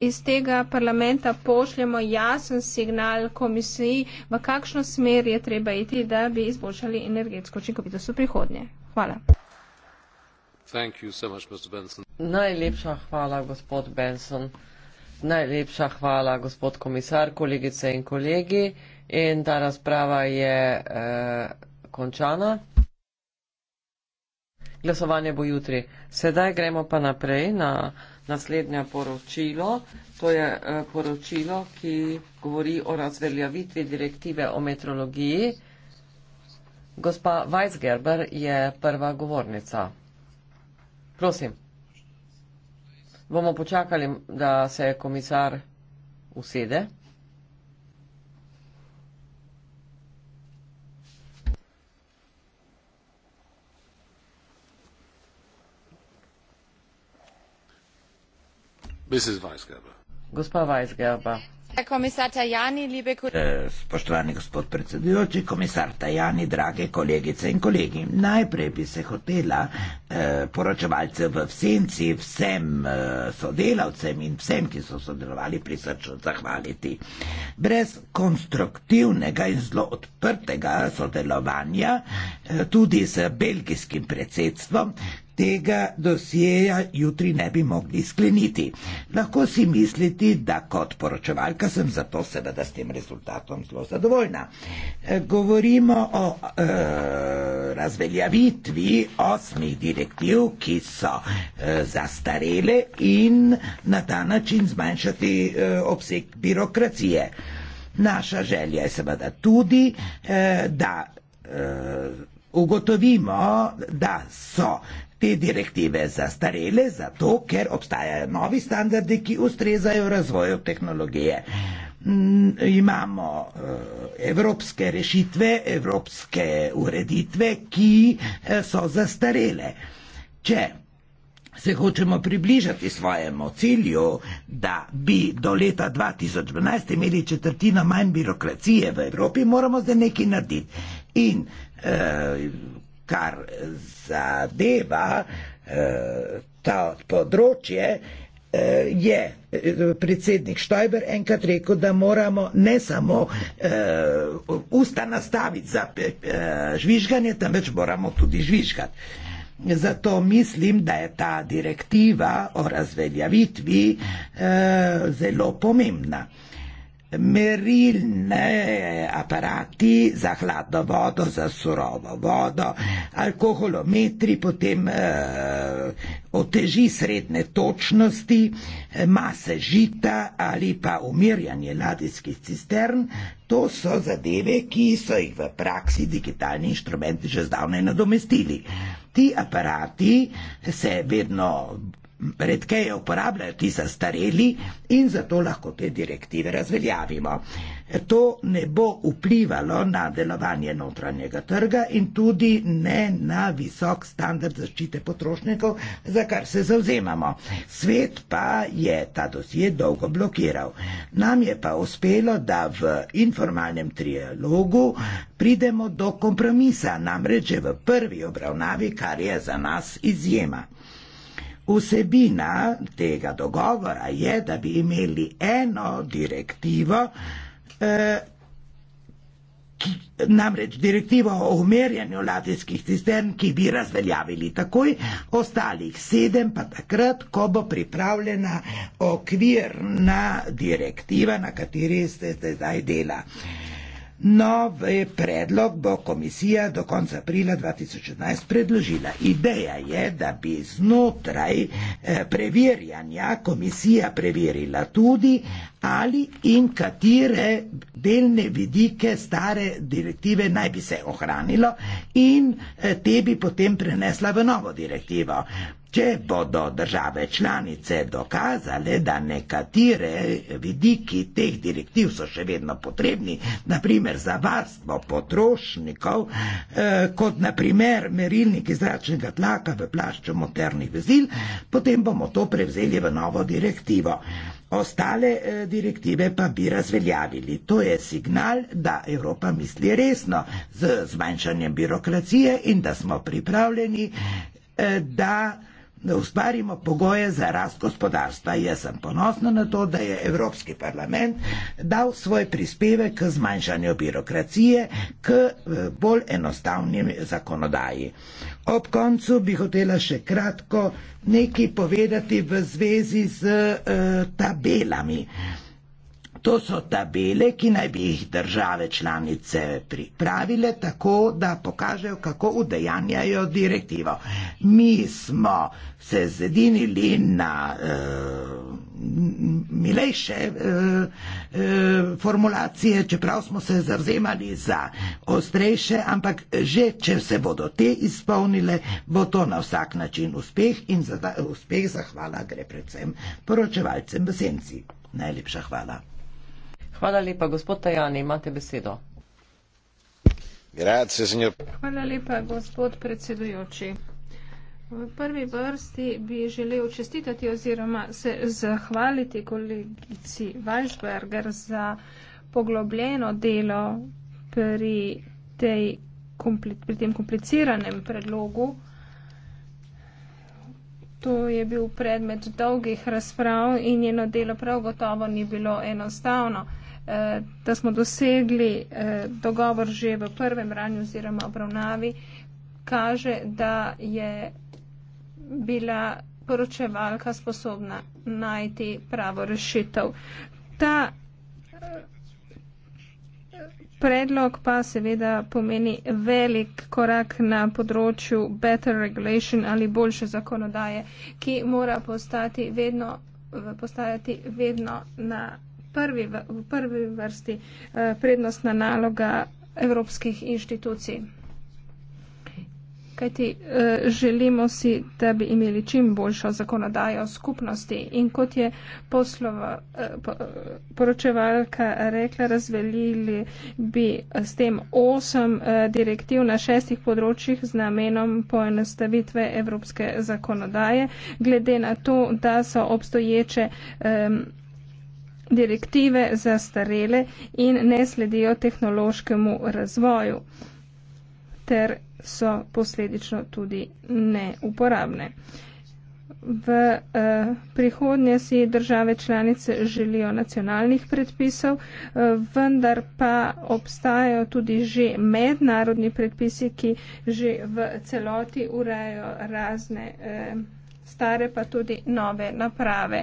iz tega parlamenta pošljemo jasen signal komisiji, v kakšno smer je treba iti, da bi izboljšali energetsko učinkovitost v prihodnje. Hvala. Thank you so much, Mr. Benson. Najlepša hvala, gospod Benson. Najlepša hvala, gospod komisar, kolegice in kolegi. In ta razprava je eh, končana. Glasovanje bo jutri. Sedaj gremo pa naprej na naslednje poročilo. To je eh, poročilo, ki govori o razveljavitvi direktive o metrologiji. Gospa Weisgerber je prva govornica. Prosim. Bomo počakali, da se komisar usede. Gospa Vajsgerba. Komisar Tajani, liebe kolegice. Eh, spoštovani gospod predsedujoči, komisar Tajani, drage kolegice in kolegi. Najprej bi se hotela eh, poročevalce v senci vsem eh, sodelavcem in vsem, ki so sodelovali pri srču, zahvaliti. Brez konstruktivnega in zelo odprtega sodelovanja, eh, tudi z belgijskim predsedstvom, tega dosjeja jutri ne bi mogli skleniti. Lahko si misliti, da kot poročevalka sem zato seveda s tem rezultatom zelo zadovoljna. E, govorimo o e, razveljavitvi osmih direktiv, ki so e, zastarele in na ta način zmanjšati e, obseg birokracije. Naša želja je seveda tudi, e, da e, ugotovimo, da so e, Te direktive zastarele zato, ker obstajajo novi standardi, ki ustrezajo razvoju tehnologije. Mm, imamo eh, evropske rešitve, evropske ureditve, ki eh, so zastarele. Če se hočemo približati svojemu cilju, da bi do leta 2012 imeli četrtino manj birokracije v Evropi, moramo zdaj nekaj narediti. In eh, kar zadeva eh, to področje, eh, je eh, predsednik Štajber enkrat rekel, da moramo ne samo usta nastaviti za žvižganje, temveč moramo tudi žvižgati. Zato mislim, da je ta direktiva o razveljavitvi zelo pomembna merilne aparati za hladno vodo, za surovo vodo, alkoholometri, potem eh, oteži srednje točnosti, eh, mase žita ali pa umirjanje ladijskih cistern. To so zadeve, ki so jih v praksi digitalni inštrumenti že zdavnaj nadomestili. Ti aparati se vedno redkeje uporabljajo ti zastareli in zato lahko te direktive razveljavimo. To ne bo vplivalo na delovanje notranjega trga in tudi ne na visok standard zaščite potrošnikov, za kar se zauzemamo. Svet pa je ta dosje dolgo blokiral. Nam je pa uspelo, da v informalnem trialogu pridemo do kompromisa, namreč v prvi obravnavi, kar je za nas izjema. Vsebina tega dogovora je, da bi imeli eno direktivo, eh, ki, namreč direktivo o umerjanju latijskih cistern, ki bi razveljavili takoj, ostalih sedem pa takrat, ko bo pripravljena okvirna direktiva, na kateri ste zdaj delali. Nov eh, predlog bo komisija do konca aprila 2011 predložila. Ideja je, da bi znotraj eh, preverjanja komisija preverila tudi, ali in katere delne vidike stare direktive naj bi se ohranilo in eh, te bi potem prenesla v novo direktivo. Če bodo države članice dokazale, da nekatere vidiki teh direktiv so še vedno potrebni, naprimer za varstvo potrošnikov, eh, kot naprimer merilnik izračnega tlaka v plašču modernih vezil, potem bomo to prevzeli v novo direktivo. Ostale eh, direktive pa bi razveljavili. To je signal, da Evropa misli resno z zmanjšanjem birokracije in da smo pripravljeni, eh, da da ustvarimo pogoje za rast gospodarstva. Jaz sem ponosna na to, da je Evropski parlament dal svoj prispevek k zmanjšanju birokracije, k eh, bolj enostavnim zakonodaji. Ob koncu bi hotela še kratko nekaj povedati v zvezi z uh, tabelami. Uh, To so tabele, ki naj bi jih države članice pripravile tako, da pokažejo, kako udejanjajo direktivo. Mi smo se zedinili na uh, milejše uh, uh, formulacije, čeprav smo se zarzemali za ostrejše, ampak že, če se bodo te izpolnile, bo to na vsak način uspeh in za ta uspeh zahvala gre predvsem poročevalcem v senci. Najlepša hvala. Hvala lepa, gospod Tajani, imate besedo. Grazie, Hvala lepa, gospod predsedujoči. V prvi vrsti bi želel čestitati oziroma se zahvaliti kolegici Weisberger za poglobljeno delo pri, tej, pri tem kompliciranem predlogu. To je bil predmet dolgih razprav in njeno delo prav gotovo ni bilo enostavno. Eh, da smo dosegli eh, dogovor že v prvem ranju oziroma obravnavi, kaže, da je bila poročevalka sposobna najti pravo rešitev. Ta eh, predlog pa seveda pomeni velik korak na področju better regulation ali boljše zakonodaje, ki mora postati vedno, postajati vedno na prvi, v prvi vrsti eh, prednostna naloga evropskih inštitucij. Kajti eh, želimo si, da bi imeli čim boljšo zakonodajo skupnosti in kot je poslova, eh, poročevalka rekla, razvelili bi s tem osem direktiv na šestih področjih z namenom poenostavitve evropske zakonodaje, glede na to, da so obstoječe. Um, direktive zastarele in ne sledijo tehnološkemu razvoju ter so posledično tudi neuporabne. V eh, prihodnje si države članice želijo nacionalnih predpisov, eh, vendar pa obstajajo tudi že mednarodni predpisi, ki že v celoti urejajo razne. Eh, stare pa tudi nove naprave.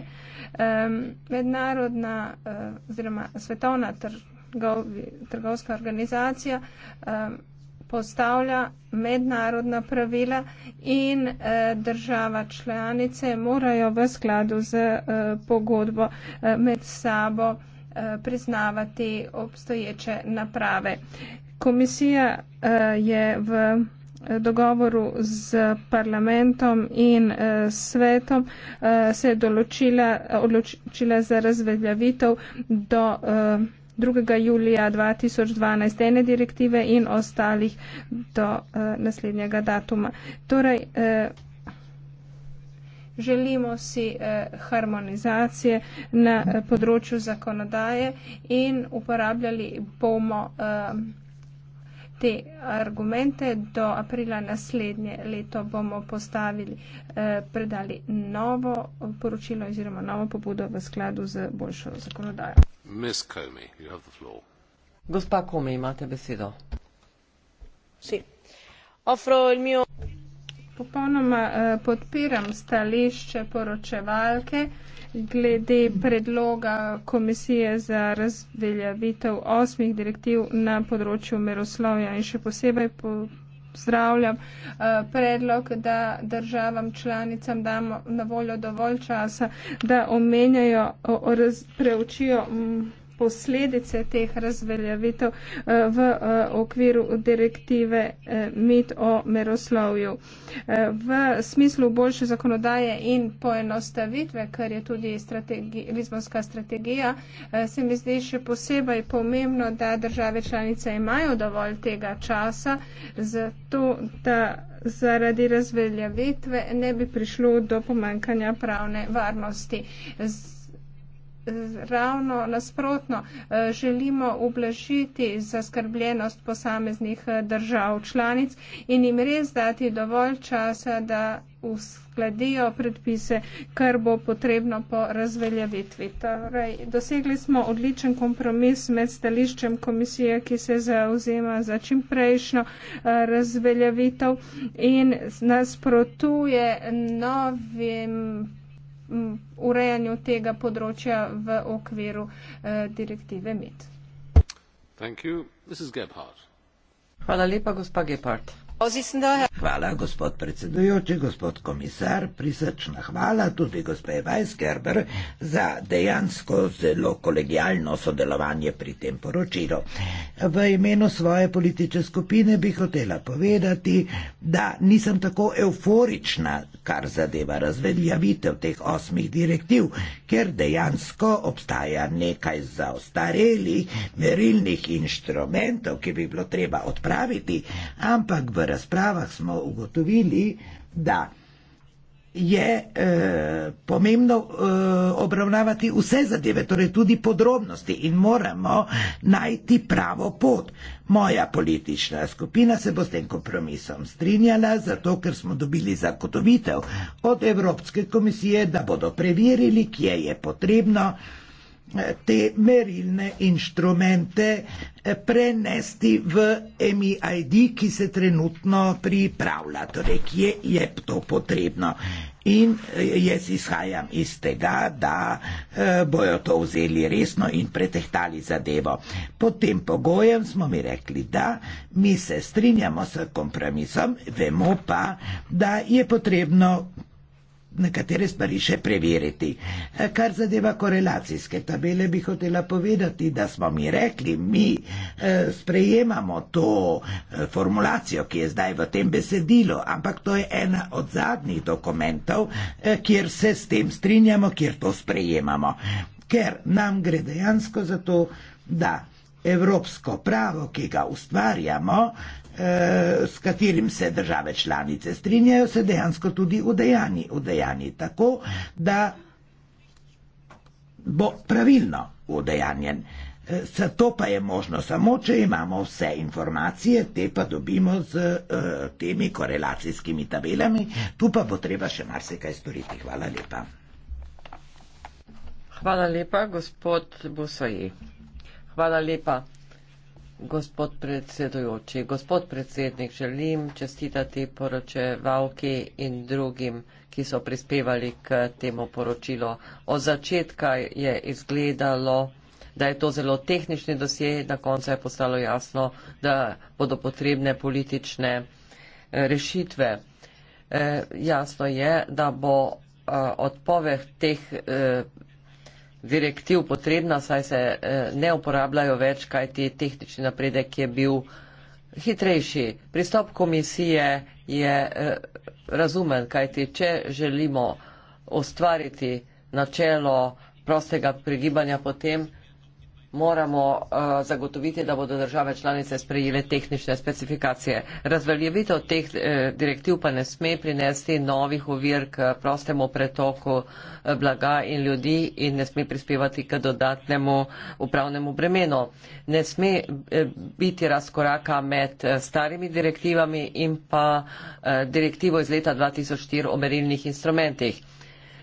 Um, mednarodna uh, oziroma svetovna trgov, trgovska organizacija um, postavlja mednarodna pravila in uh, država članice morajo v skladu z uh, pogodbo uh, med sabo uh, priznavati obstoječe naprave. Komisija uh, je v dogovoru z parlamentom in eh, svetom eh, se je določila, odločila za razveljavitev do eh, 2. julija 2012 ene direktive in ostalih do eh, naslednjega datuma. Torej, eh, želimo si eh, harmonizacije na eh, področju zakonodaje in uporabljali bomo. Eh, te argumente do aprila naslednje leto bomo postavili, eh, predali novo poročilo oziroma novo pobudo v skladu z boljšo zakonodajo. Comey, Gospa Kome, imate besedo. Si. Ofro il mio. Popolnoma eh, podpiram stališče poročevalke. Eh, glede predloga komisije za razveljavitev osmih direktiv na področju meroslovja in še posebej po. Zdravljam eh, predlog, da državam članicam damo na voljo dovolj časa, da omenjajo, preučijo posledice teh razveljavitev eh, v eh, okviru direktive eh, MIT o meroslovju. V smislu boljše zakonodaje in poenostavitve, kar je tudi strategi, Lizbonska strategija, se mi zdi še posebej pomembno, da države članice imajo dovolj tega časa, zato da zaradi razveljavitve ne bi prišlo do pomankanja pravne varnosti ravno nasprotno, eh, želimo ublažiti zaskrbljenost posameznih eh, držav članic in jim res dati dovolj časa, da uskladijo predpise, kar bo potrebno po razveljavitvi. Torej, dosegli smo odličen kompromis med stališčem komisije, ki se zauzima za čimprejšnjo eh, razveljavitev in nasprotuje novim urejanju tega področja v okviru eh, direktive MIT. Hvala lepa, gospa Gepard. Hvala, gospod predsedujoči, gospod komisar, prisrčna hvala tudi gospe Weisgerber za dejansko zelo kolegijalno sodelovanje pri tem poročilu. V imenu svoje politične skupine bi hotela povedati, da nisem tako euforična, kar zadeva razveljavitev teh osmih direktiv, ker dejansko obstaja nekaj zaostarelih merilnih inštrumentov, ki bi bilo treba odpraviti, ampak v razpravah smo ugotovili, da je eh, pomembno eh, obravnavati vse zadeve, torej tudi podrobnosti in moramo najti pravo pot. Moja politična skupina se bo s tem kompromisom strinjala, zato ker smo dobili zagotovitev od Evropske komisije, da bodo preverili, kje je potrebno eh, te merilne inštrumente eh, prenesti v MIID, e ki se trenutno pripravlja, torej kje je to potrebno. In eh, jaz izhajam iz tega, da eh, bojo to vzeli resno in pretehtali zadevo. Pod tem pogojem smo mi rekli, da mi se strinjamo s kompromisom, vemo pa, da je potrebno nekatere stvari še preveriti. Eh, kar zadeva korelacijske tabele, bi hotela povedati, da smo mi rekli, mi eh, sprejemamo to eh, formulacijo, ki je zdaj v tem besedilu, ampak to je ena od zadnjih dokumentov, kjer se s tem strinjamo, kjer to sprejemamo. Ker nam gre dejansko za to, da evropsko pravo, ki ga ustvarjamo, eh, s katerim se države članice strinjajo, se dejansko tudi udejani. Udejani tako, da bo pravilno udejanjen. Eh, zato pa je možno samo, če imamo vse informacije, te pa dobimo z eh, temi korelacijskimi tabelami. Tu pa bo treba še marsikaj storiti. Hvala lepa. Hvala lepa, gospod Bosoji. Hvala lepa, gospod predsedujoči. Gospod predsednik, želim čestitati poročevalki in drugim, ki so prispevali k temu poročilu. Od začetka je izgledalo, da je to zelo tehnični dosje, na koncu je postalo jasno, da bodo potrebne politične eh, rešitve. E, jasno je, da bo e, odpoved teh. E, direktiv potrebna, saj se eh, ne uporabljajo več, kaj ti tehnični napredek je bil hitrejši. Pristop komisije je eh, razumen, kaj ti, če želimo ustvariti načelo prostega pregibanja potem, moramo uh, zagotoviti, da bodo države članice sprejele tehnične specifikacije. Razveljavitev teh eh, direktiv pa ne sme prinesti novih ovir k prostemu pretoku eh, blaga in ljudi in ne sme prispevati k dodatnemu upravnemu bremenu. Ne sme eh, biti razkoraka med eh, starimi direktivami in pa eh, direktivo iz leta 2004 o merilnih instrumentih.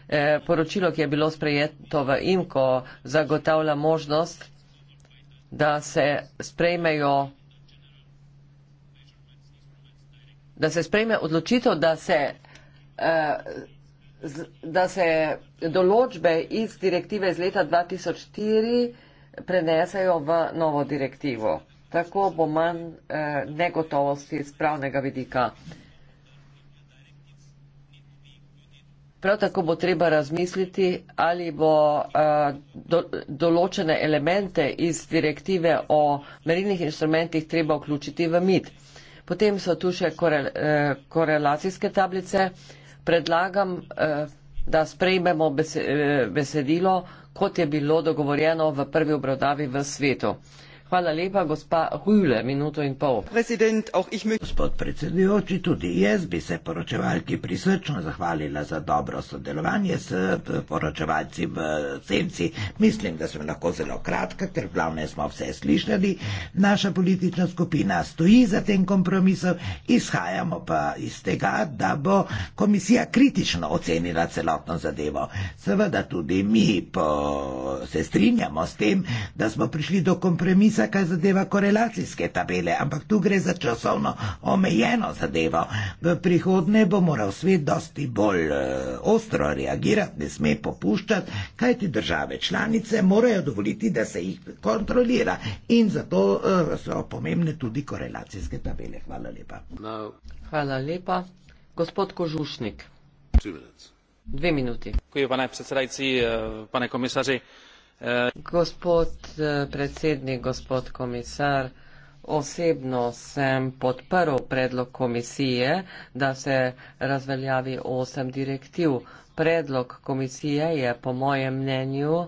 Eh, poročilo, ki je bilo sprejeto v IMKO, zagotavlja možnost, da se sprejmejo da se sprejme odločitev, da se, eh, da se določbe iz direktive iz leta 2004 prenesejo v novo direktivo. Tako bo manj eh, negotovosti z pravnega vidika. Prav tako bo treba razmisliti, ali bo eh, do, določene elemente iz direktive o merilnih instrumentih treba vključiti v MID. Potem so tu še kore, eh, korelacijske tablice. Predlagam, eh, da sprejmemo besedilo, kot je bilo dogovorjeno v prvi obravnavi v svetu. Hvala lepa, gospa Hüle, minuto in pol. Gospod predsedujoči, tudi jaz bi se poročevalki prisrčno zahvalila za dobro sodelovanje s poročevalci v Senci. Mislim, da sem lahko zelo kratka, ker glavne smo vse slišali. Naša politična skupina stoji za tem kompromisom, izhajamo pa iz tega, da bo komisija kritično ocenila celotno zadevo. Seveda tudi mi po... se strinjamo s tem, da smo prišli do kompromisa tendenca, kar zadeva korelacijske tabele, ampak tu gre za časovno omejeno zadevo. V prihodnje bo moral svet dosti bolj uh, ostro reagirati, ne sme popuščati, kajti države članice morajo dovoliti, da se jih kontrolira. In zato uh, so pomembne tudi korelacijske tabele. Hvala lepa. No. Hvala lepa. Gospod Kožušnik. Dve minuti. Kaj je pa naj predsedajci, eh, pa naj komisarji? Gospod eh, predsednik, gospod komisar, osebno sem podprl predlog komisije, da se razveljavi osem direktiv. Predlog komisije je po mojem mnenju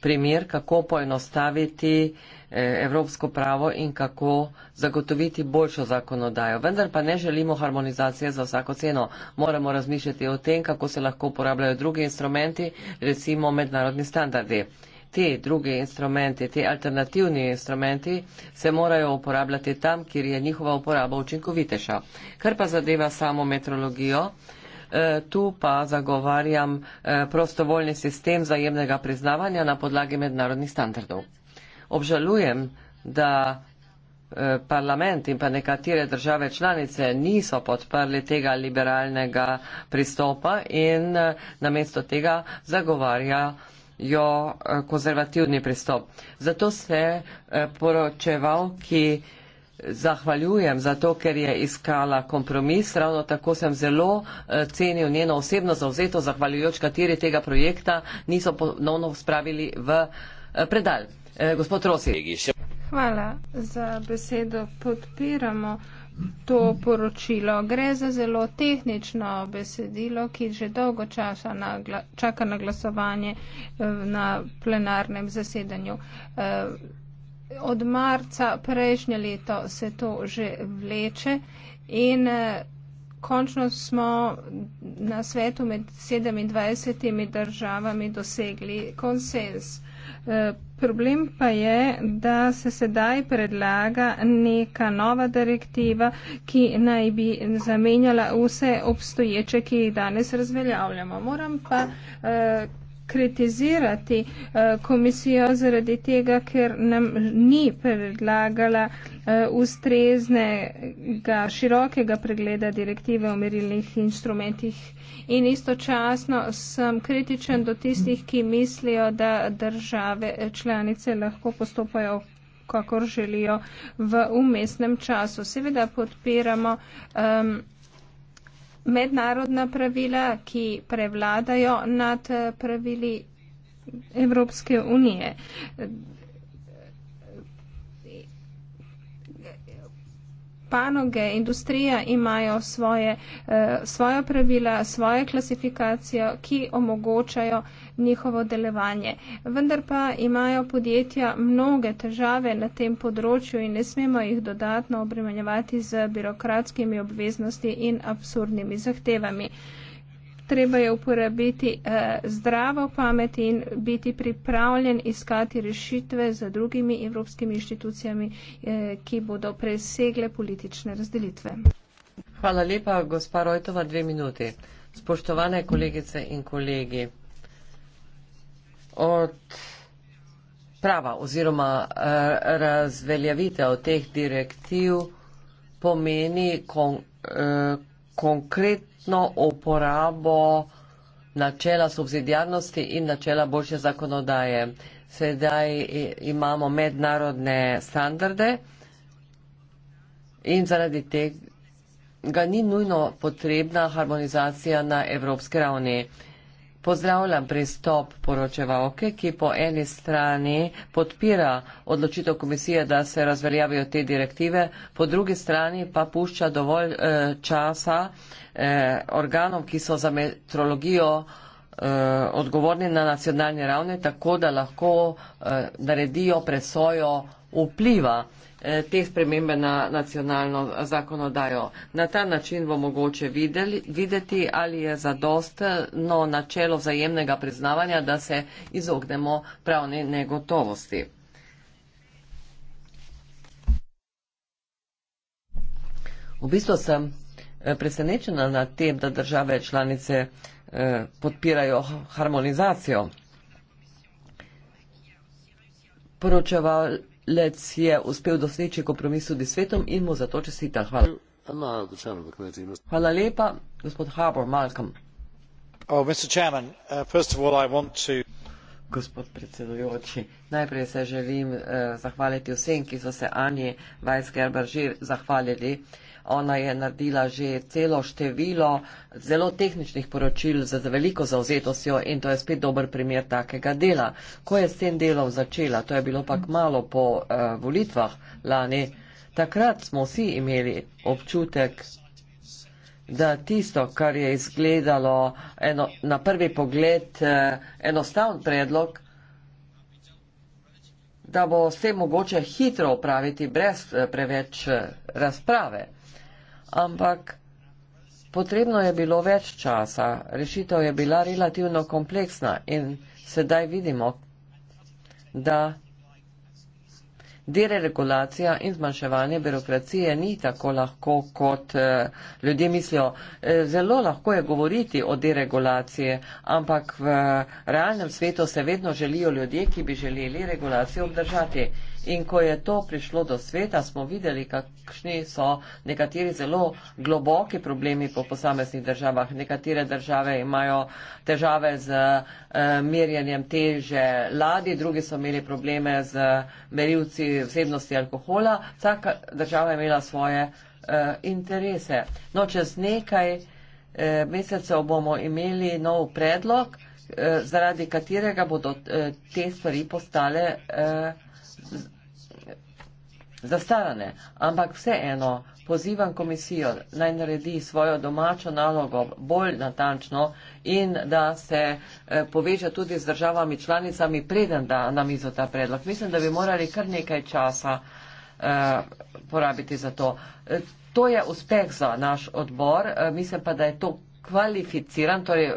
primer, kako poenostaviti eh, evropsko pravo in kako zagotoviti boljšo zakonodajo. Vendar pa ne želimo harmonizacije za vsako ceno. Moramo razmišljati o tem, kako se lahko uporabljajo drugi instrumenti, recimo mednarodni standardi ti drugi instrumenti, ti alternativni instrumenti se morajo uporabljati tam, kjer je njihova uporaba učinkovitejša. Kar pa zadeva samo metrologijo, eh, tu pa zagovarjam eh, prostovoljni sistem zajemnega priznavanja na podlagi mednarodnih standardov. Obžalujem, da eh, parlament in pa nekatere države članice niso podprli tega liberalnega pristopa in namesto tega zagovarjajo jo eh, konzervativni pristop. Zato se eh, poročevalki eh, zahvaljujem, zato ker je iskala kompromis. Ravno tako sem zelo cenil njeno osebno zauzeto, zahvaljujoč kateri tega projekta niso ponovno spravili v predal. Gospod Rosi. Hvala za besedo. Podpiramo to poročilo. Gre za zelo tehnično besedilo, ki že dolgo časa na čaka na glasovanje eh, na plenarnem zasedanju. Eh, od marca prejšnje leto se to že vleče in eh, končno smo na svetu med 27 državami dosegli konsens. Eh, problem pa je, da se sedaj predlaga neka nova direktiva, ki naj bi zamenjala vse obstoječe, ki jih danes razveljavljamo. Moram pa eh, kritizirati eh, komisijo zaradi tega, ker nam ni predlagala eh, ustreznega, širokega pregleda direktive o merilnih instrumentih. In istočasno sem kritičen do tistih, ki mislijo, da države eh, članice lahko postopajo kakor želijo v umestnem času. Seveda podpiramo. Um, mednarodna pravila, ki prevladajo nad pravili Evropske unije. panoge, industrija imajo svoje, eh, svoja pravila, svojo klasifikacijo, ki omogočajo njihovo delovanje. Vendar pa imajo podjetja mnoge težave na tem področju in ne smemo jih dodatno obremenjevati z birokratskimi obveznosti in absurdnimi zahtevami treba je uporabiti eh, zdravo pamet in biti pripravljen iskati rešitve z drugimi evropskimi inštitucijami, eh, ki bodo presegle politične razdelitve. Hvala lepa, gospa Rojtova, dve minuti. Spoštovane kolegice in kolegi, od prava oziroma eh, razveljavitev teh direktiv pomeni kon, eh, konkretno ustno uporabo načela subsidijarnosti in načela boljše zakonodaje. Sedaj imamo mednarodne standarde in zaradi tega ni nujno potrebna harmonizacija na evropske ravni. Pozdravljam pristop poročevalke, ki po eni strani podpira odločitev komisije, da se razveljavijo te direktive, po drugi strani pa pušča dovolj eh, časa, Eh, organov, ki so za metrologijo eh, odgovorni na nacionalni ravni, tako da lahko eh, naredijo presojo vpliva te spremembe na nacionalno zakonodajo. Na ta način bo mogoče videli, videti, ali je zadostno načelo vzajemnega priznavanja, da se izognemo pravni negotovosti. V bistvu sem Eh, presenečena nad tem, da države članice eh, podpirajo harmonizacijo. Poročevalec je uspel doseči kompromis tudi s svetom in mu zato čestita. Hvala. Hvala lepa, gospod Harbour, Malcolm. Oh, Chairman, uh, all, to... Gospod predsedujoči, najprej se želim uh, zahvaliti vsem, ki so se Anji Weisgerber že zahvalili. Uh, Ona je naredila že celo število zelo tehničnih poročil z veliko zauzetostjo in to je spet dober primer takega dela. Ko je s tem delom začela, to je bilo pa malo po uh, volitvah lani, takrat smo vsi imeli občutek, da tisto, kar je izgledalo eno, na prvi pogled uh, eh, enostavn predlog, da bo vse mogoče hitro upraviti brez eh, preveč razprave ampak potrebno je bilo več časa, rešitev je bila relativno kompleksna in sedaj vidimo, da deregulacija in zmanjševanje birokracije ni tako lahko, kot eh, ljudje mislijo. Eh, zelo lahko je govoriti o deregulaciji, ampak v realnem svetu se vedno želijo ljudje, ki bi želeli regulacijo obdržati. In ko je to prišlo do sveta, smo videli, kakšni so nekateri zelo globoki problemi po posameznih državah. Nekatere države imajo težave z eh, merjenjem teže ladi, drugi so imeli probleme z merilci vsebnosti alkohola. Vsaka država je imela svoje eh, interese. No, čez nekaj eh, mesecev bomo imeli nov predlog, zaradi katerega bodo te stvari postale zastarane, ampak vseeno pozivam komisijo naj naredi svojo domačo nalogo bolj natančno in da se eh, poveže tudi z državami članicami, preden da na mizo ta predlog. Mislim, da bi morali kar nekaj časa eh, porabiti za to. Eh, to je uspeh za naš odbor, mislim pa, da je to kvalificiran, torej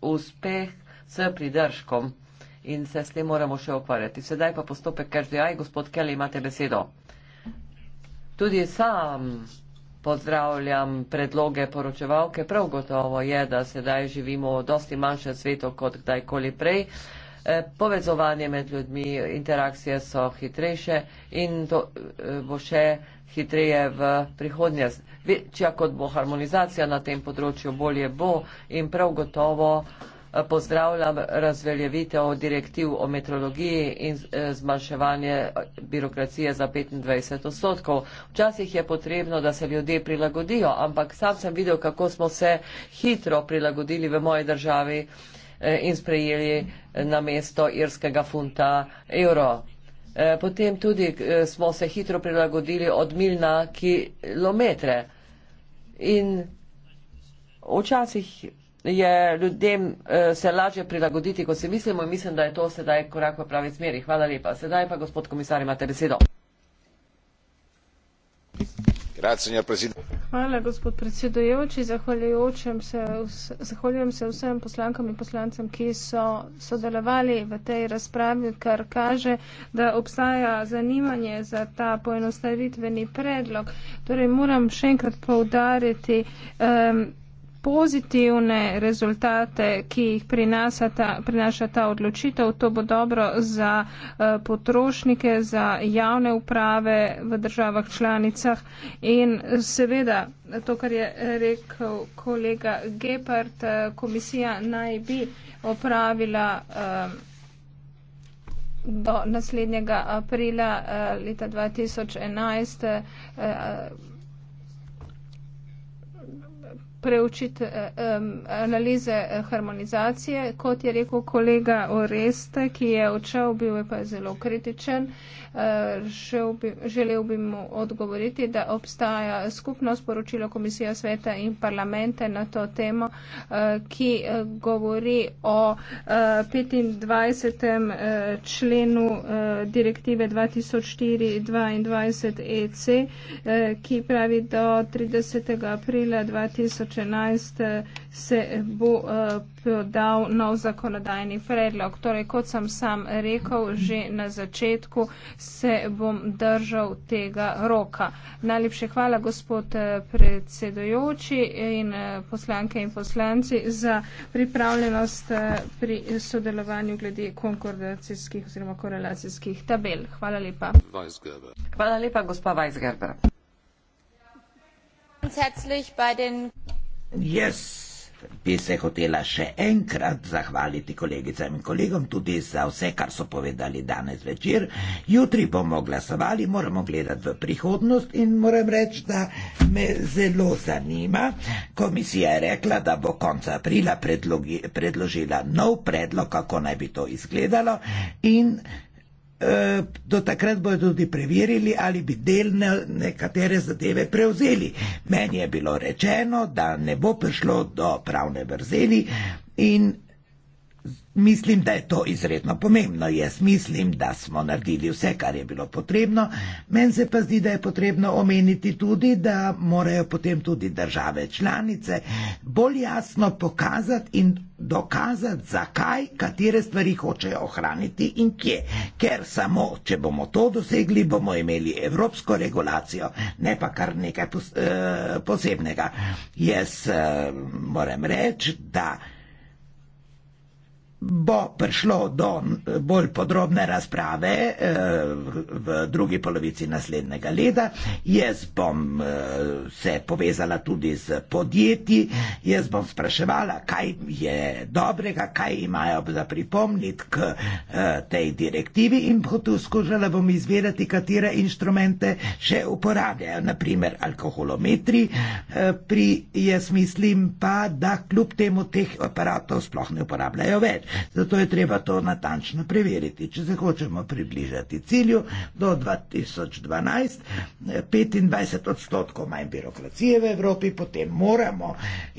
uspeh s pridržkom in se s tem moramo še ukvarjati. Sedaj pa postopek, ker zdaj, aj gospod Kelly, imate besedo. Tudi sam pozdravljam predloge poročevalke. Prav gotovo je, da sedaj živimo v dosti manjšem svetu kot kdajkoli prej. E, povezovanje med ljudmi, interakcije so hitrejše in to e, bo še hitreje v prihodnje. Večja kot bo harmonizacija na tem področju, bolje bo in prav gotovo pozdravljam razveljavitev direktiv o metrologiji in eh, zmanjševanje birokracije za 25 odstotkov. Včasih je potrebno, da se ljudje prilagodijo, ampak sam sem videl, kako smo se hitro prilagodili v moji državi eh, in sprejeli eh, na mesto irskega funta evro. Potem tudi smo se hitro prilagodili od mil na kilometre. In včasih je ljudem uh, se lažje prilagoditi, kot si mislimo in mislim, da je to sedaj korak v pravi smeri. Hvala lepa. Sedaj pa gospod komisar, imate besedo. Hvala, gospod predsedojoči. Zahvaljujem se vsem poslankam in poslancem, ki so sodelovali v tej razpravi, kar kaže, da obstaja zanimanje za ta poenostavitveni predlog. Torej, moram še enkrat poudariti. Um, pozitivne rezultate, ki jih prinaša ta, prinaša ta odločitev. To bo dobro za eh, potrošnike, za javne uprave v državah članicah in seveda to, kar je rekel kolega Gepard, eh, komisija naj bi opravila eh, do naslednjega aprila leta 2011 preučiti um, analize eh, harmonizacije, kot je rekel kolega Oreste, ki je odšel, bil je pa zelo kritičen. Uh, bi, želel bi mu odgovoriti, da obstaja skupno sporočilo Komisija sveta in parlamente na to temo, uh, ki uh, govori o uh, 25. Uh, členu uh, direktive 2004-22 EC, uh, ki pravi do 30. aprila 2000 2011 se bo eh, podal nov zakonodajni predlog. Torej, kot sem sam rekel že na začetku, se bom držal tega roka. Najlepše hvala, gospod eh, predsedojoči in eh, poslanke in poslanci, za pripravljenost pri sodelovanju glede konkordacijskih oziroma korelacijskih tabel. Hvala lepa. Hvala lepa, gospa Weisgerber. Ganz herzlich bei den Jaz bi se hotela še enkrat zahvaliti kolegicam in kolegom tudi za vse, kar so povedali danes večer. Jutri bomo glasovali, moramo gledati v prihodnost in moram reči, da me zelo zanima. Komisija je rekla, da bo konca aprila predlogi, predložila nov predlog, kako naj bi to izgledalo in Eh, do takrat bodo tudi preverili, ali bi delne nekatere zadeve prevzeli. Meni je bilo rečeno, da ne bo prišlo do pravne vrzeli in mislim, da je to izredno pomembno. Jaz mislim, da smo naredili vse, kar je bilo potrebno. Meni se pa zdi, da je potrebno omeniti tudi, da morajo potem tudi države članice bolj jasno pokazati in dokazati, zakaj, katere stvari hočejo ohraniti in kje. Ker samo, če bomo to dosegli, bomo imeli evropsko regulacijo, ne pa kar nekaj pos, eh, posebnega. Jaz eh, moram reči, da bo prišlo do eh, bolj podrobne razprave eh, v drugi polovici naslednjega leta. Jaz bom eh, se povezala tudi z podjetji, jaz bom spraševala, kaj je dobrega, kaj imajo za pripomniti k tej direktivi in poskušala bom izvedeti, katere inštrumente še uporabljajo, naprimer alkoholometri. Pri, jaz mislim pa, da kljub temu teh aparatov sploh ne uporabljajo več. Zato je treba to natančno preveriti, če se hočemo približati cilju do 2012, 25 odstotkov manj birokracije v Evropi, potem moramo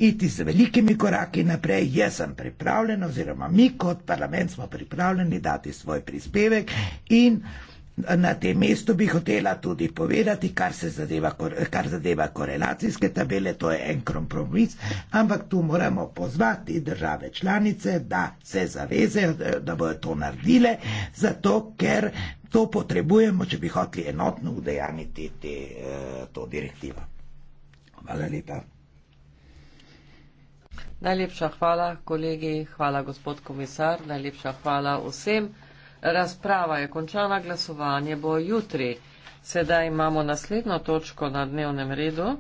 iti z velikimi koraki naprej. Jaz sem pripravljen, oziroma mi kot parlament smo pripravljeni dati svoj prispevek in. Na tem mestu bi hotela tudi povedati, kar se zadeva, kar zadeva korelacijske tabele, to je en kompromis, ampak tu moramo pozvati države članice, da se zavezejo, da bojo to naredile, zato ker to potrebujemo, če bi hoteli enotno udejaniti te, eh, to direktivo. Hvala lepa. Najlepša hvala, kolegi, hvala gospod komisar, najlepša hvala vsem. Razprava je končana, glasovanje bo jutri. Sedaj imamo naslednjo točko na dnevnem redu.